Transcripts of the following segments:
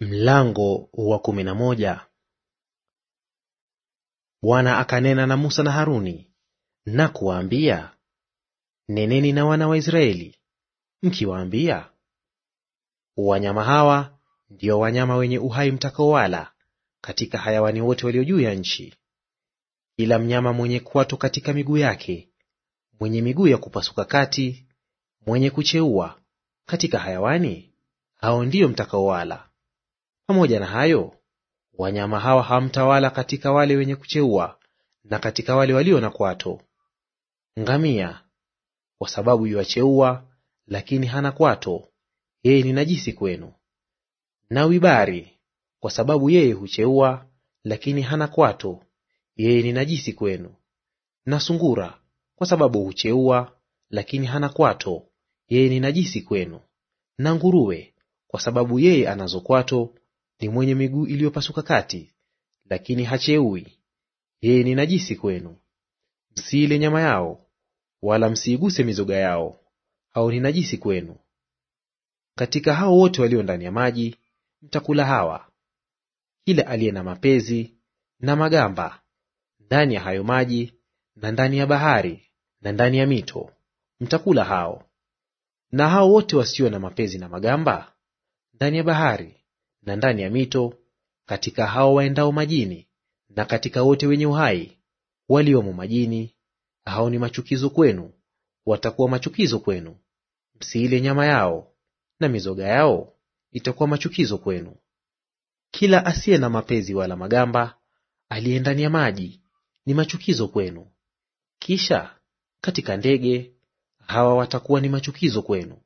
Mlango wa kumi na moja. Bwana akanena na Musa na Haruni na kuwaambia, neneni na wana wa Israeli mkiwaambia, wanyama hawa ndio wanyama wenye uhai mtakaowala katika hayawani wote walio juu ya nchi, kila mnyama mwenye kwato katika miguu yake, mwenye miguu ya kupasuka kati, mwenye kucheua katika hayawani, hao ndiyo mtakaowala. Pamoja na hayo, wanyama hawa hamtawala katika wale wenye kucheua na katika wale walio na kwato. Ngamia, kwa sababu yuwacheua, lakini hana kwato, yeye ni najisi kwenu. Na wibari, kwa sababu yeye hucheua, lakini hana kwato, yeye ni najisi kwenu. Na sungura, kwa sababu hucheua, lakini hana kwato, yeye ni najisi kwenu. Na nguruwe, kwa sababu yeye anazo kwato, ni mwenye miguu iliyopasuka kati, lakini hacheui; yeye ni najisi kwenu. Msiile nyama yao, wala msiiguse mizoga yao; hao ni najisi kwenu. Katika hao wote walio ndani ya maji mtakula hawa. Kila aliye na mapezi na magamba ndani ya hayo maji na ndani ya bahari na ndani ya mito mtakula hao. Na hao wote wasio na mapezi na magamba ndani ya bahari na ndani ya mito, katika hao waendao majini, na katika wote wenye uhai waliomo majini; hao ni machukizo kwenu, watakuwa machukizo kwenu. Msiile nyama yao, na mizoga yao itakuwa machukizo kwenu. Kila asiye na mapezi wala magamba, aliye ndani ya maji, ni machukizo kwenu. Kisha katika ndege, hawa watakuwa ni machukizo kwenu;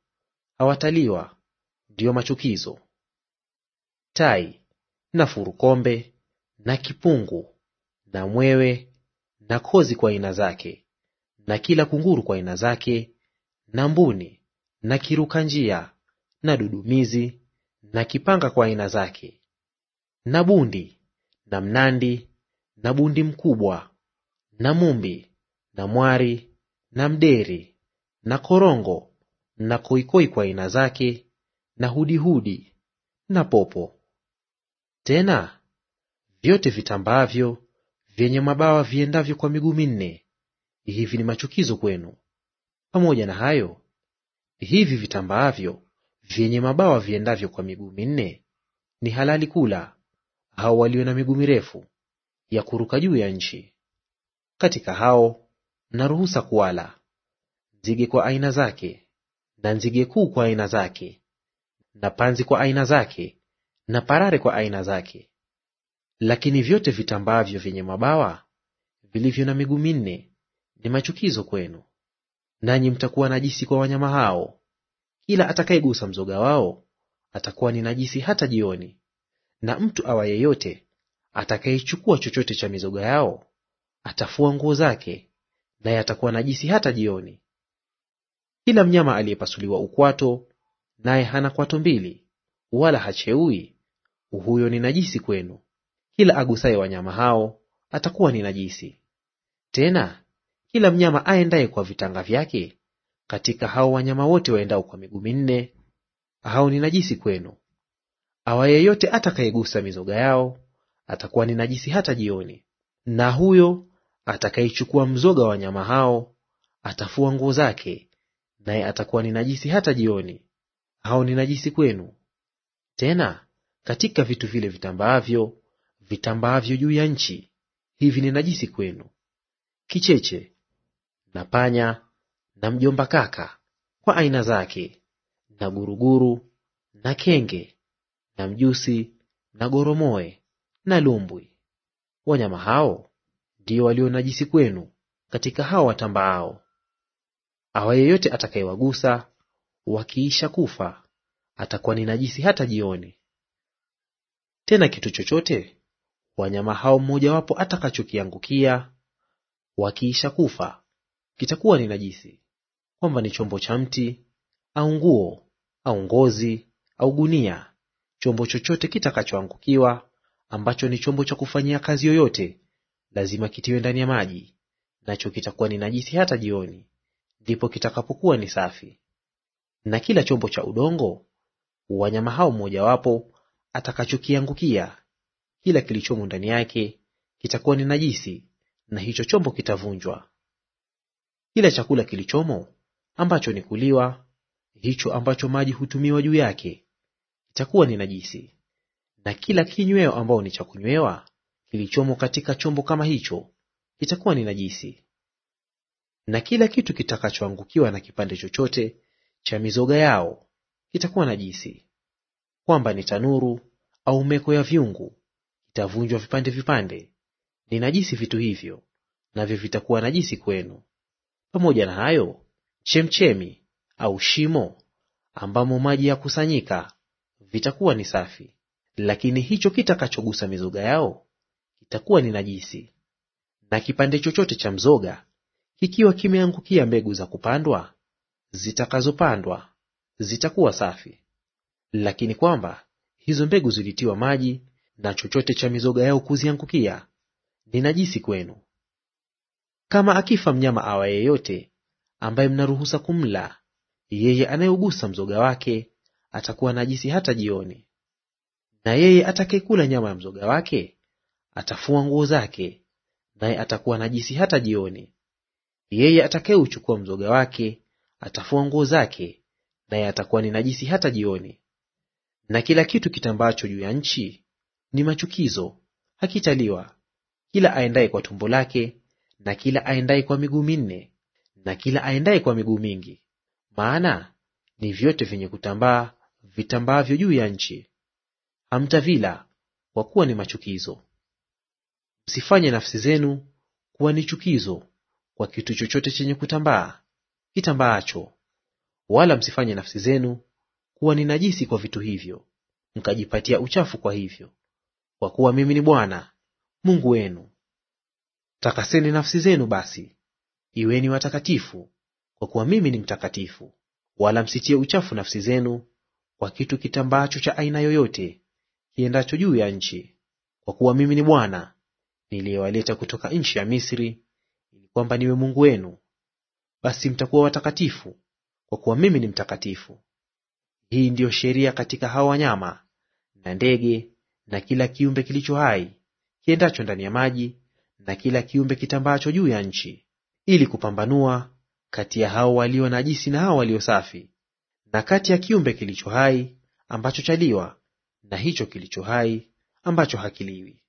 hawataliwa, ndiyo machukizo tai na furukombe na kipungu na mwewe na kozi kwa aina zake na kila kunguru kwa aina zake na mbuni na kiruka njia na dudumizi na kipanga kwa aina zake na bundi na mnandi na bundi mkubwa na mumbi na mwari na mderi na korongo na koikoi kwa aina zake na hudihudi na popo. Tena vyote vitambaavyo vyenye mabawa viendavyo kwa miguu minne, hivi ni machukizo kwenu. Pamoja na hayo, hivi vitambaavyo vyenye mabawa viendavyo kwa miguu minne ni halali kula, hao walio na miguu mirefu ya kuruka juu ya nchi. Katika hao naruhusa kuwala nzige kwa aina zake, na nzige kuu kwa aina zake, na panzi kwa aina zake, na parare kwa aina zake. Lakini vyote vitambavyo vyenye mabawa vilivyo na miguu minne ni machukizo kwenu, nanyi mtakuwa najisi kwa wanyama hao. Kila atakayegusa mzoga wao atakuwa ni najisi hata jioni. Na mtu awa yeyote atakayechukua chochote cha mizoga yao atafua nguo zake, naye atakuwa najisi hata jioni. Kila mnyama aliyepasuliwa ukwato, naye hana kwato mbili, wala hacheui, huyo ni najisi kwenu. Kila agusaye wanyama hao atakuwa ni najisi. Tena kila mnyama aendaye kwa vitanga vyake katika hao wanyama wote waendao kwa miguu minne, hao ni najisi kwenu. Awa yeyote atakayegusa mizoga yao atakuwa ni najisi hata jioni. Na huyo atakayechukua mzoga wa wanyama hao atafua nguo zake, naye atakuwa ni najisi hata jioni. Hao ni najisi kwenu. Tena katika vitu vile vitambaavyo vitambaavyo juu ya nchi, hivi ni najisi kwenu: kicheche na panya na mjomba kaka kwa aina zake, na guruguru na kenge na mjusi na goromoe na lumbwi. Wanyama hao ndio walionajisi kwenu katika hao watambaao. Awa yeyote atakayewagusa wakiisha kufa atakuwa ni najisi hata jioni. Tena kitu chochote wanyama hao mmojawapo atakachokiangukia wakiisha kufa kitakuwa ni najisi, kwamba ni chombo cha mti au nguo au ngozi au gunia, chombo chochote kitakachoangukiwa ambacho ni chombo cha kufanyia kazi yoyote, lazima kitiwe ndani ya maji, nacho kitakuwa ni najisi hata jioni, ndipo kitakapokuwa ni safi. Na kila chombo cha udongo wanyama hao mmojawapo atakachokiangukia, kila kilichomo ndani yake kitakuwa ni najisi, na hicho chombo kitavunjwa. Kila chakula kilichomo ambacho ni kuliwa, hicho ambacho maji hutumiwa juu yake kitakuwa ni najisi, na kila kinyweo ambao ni cha kunywewa kilichomo katika chombo kama hicho kitakuwa ni najisi. Na kila kitu kitakachoangukiwa na kipande chochote cha mizoga yao kitakuwa najisi, kwamba ni tanuru au meko ya vyungu, itavunjwa vipande vipande. Ni najisi vitu hivyo, navyo vitakuwa najisi kwenu. Pamoja na hayo, chemchemi au shimo ambamo maji ya kusanyika vitakuwa ni safi, lakini hicho kitakachogusa mizoga yao kitakuwa ni najisi. Na kipande chochote cha mzoga kikiwa kimeangukia mbegu za kupandwa zitakazopandwa zitakuwa safi, lakini kwamba hizo mbegu zilitiwa maji na chochote cha mizoga yao kuziangukia ni najisi kwenu. Kama akifa mnyama awa yeyote ambaye mnaruhusa kumla, yeye anayeugusa mzoga wake atakuwa najisi hata jioni. Na yeye atakayekula nyama ya mzoga wake atafua nguo zake, naye atakuwa najisi hata jioni. Yeye atakayeuchukua mzoga wake atafua nguo zake, naye atakuwa ni najisi hata jioni. Na kila kitu kitambacho juu ya nchi ni machukizo, hakitaliwa. Kila aendaye kwa tumbo lake, na kila aendaye kwa miguu minne, na kila aendaye kwa miguu mingi, maana ni vyote vyenye kutambaa vitambaavyo juu ya nchi. Hamtavila, kwa kuwa ni machukizo. Msifanye nafsi zenu kuwa ni chukizo kwa kitu chochote chenye kutambaa kitambaacho, wala msifanye nafsi zenu kuwa ni najisi kwa vitu hivyo, mkajipatia uchafu kwa hivyo. Kwa kuwa mimi ni Bwana Mungu wenu. Takaseni nafsi zenu basi, iweni watakatifu, kwa kuwa mimi ni mtakatifu. Wala msitie uchafu nafsi zenu kwa kitu kitambaacho cha aina yoyote kiendacho juu ya nchi, kwa kuwa mimi ni Bwana niliyewaleta kutoka nchi ya Misri, ili kwamba niwe Mungu wenu. Basi mtakuwa watakatifu kwa kuwa mimi ni mtakatifu. Hii ndiyo sheria katika hao wanyama na ndege na kila kiumbe kilicho hai kiendacho ndani ya maji na kila kiumbe kitambaacho juu ya nchi, ili kupambanua kati ya hao walio najisi na hao walio safi, na kati ya kiumbe kilicho hai ambacho chaliwa na hicho kilicho hai ambacho hakiliwi.